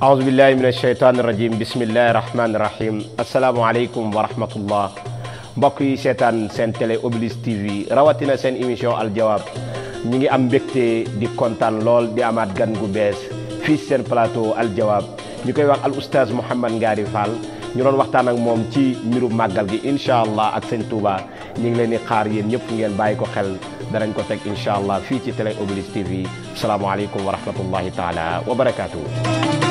أعوذ بالله من الشيطان الرجيم بسم الله الرحمن الرحيم السلام عليكم ورحمة الله بقي شيطان سين تلي أوبليس تي في رواتنا سين إيميشون الجواب نيجي أم بكتي دي كونتان لول دي أمات غان غوبيس في سين بلاتو الجواب نيكي واق الأستاذ محمد غاري فال نيرون وقتان اك موم تي ميرو مغال دي إن شاء الله اك توبا نيجي لني قار ين نيجي بايكو خل دران كو إن شاء الله في تي تلي أوبليس تي في السلام عليكم ورحمة الله تعالى وبركاته